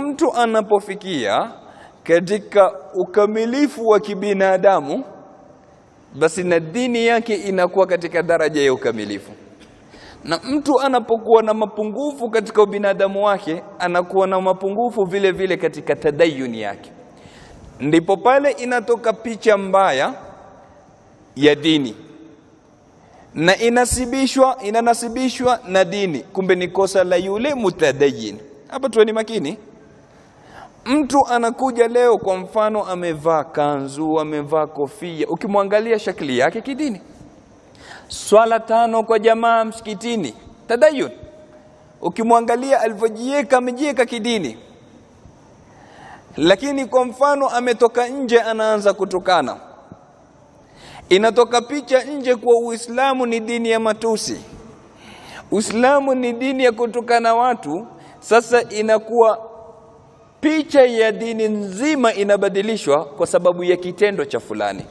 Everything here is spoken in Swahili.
Mtu anapofikia katika ukamilifu wa kibinadamu, basi na dini yake inakuwa katika daraja ya ukamilifu, na mtu anapokuwa na mapungufu katika ubinadamu wake, anakuwa na mapungufu vile vile katika tadayuni yake. Ndipo pale inatoka picha mbaya ya dini na inasibishwa, inanasibishwa na dini, kumbe ni kosa la yule mutadayin. Hapa tuweni makini. Mtu anakuja leo kwa mfano, amevaa kanzu, amevaa kofia, ukimwangalia shakli yake kidini. Swala tano kwa jamaa msikitini, tadayun. Ukimwangalia alivyojieka, amejieka kidini, lakini kwa mfano ametoka nje, anaanza kutukana, inatoka picha nje kwa Uislamu ni dini ya matusi, Uislamu ni dini ya kutukana watu. Sasa inakuwa picha ya dini nzima inabadilishwa kwa sababu ya kitendo cha fulani.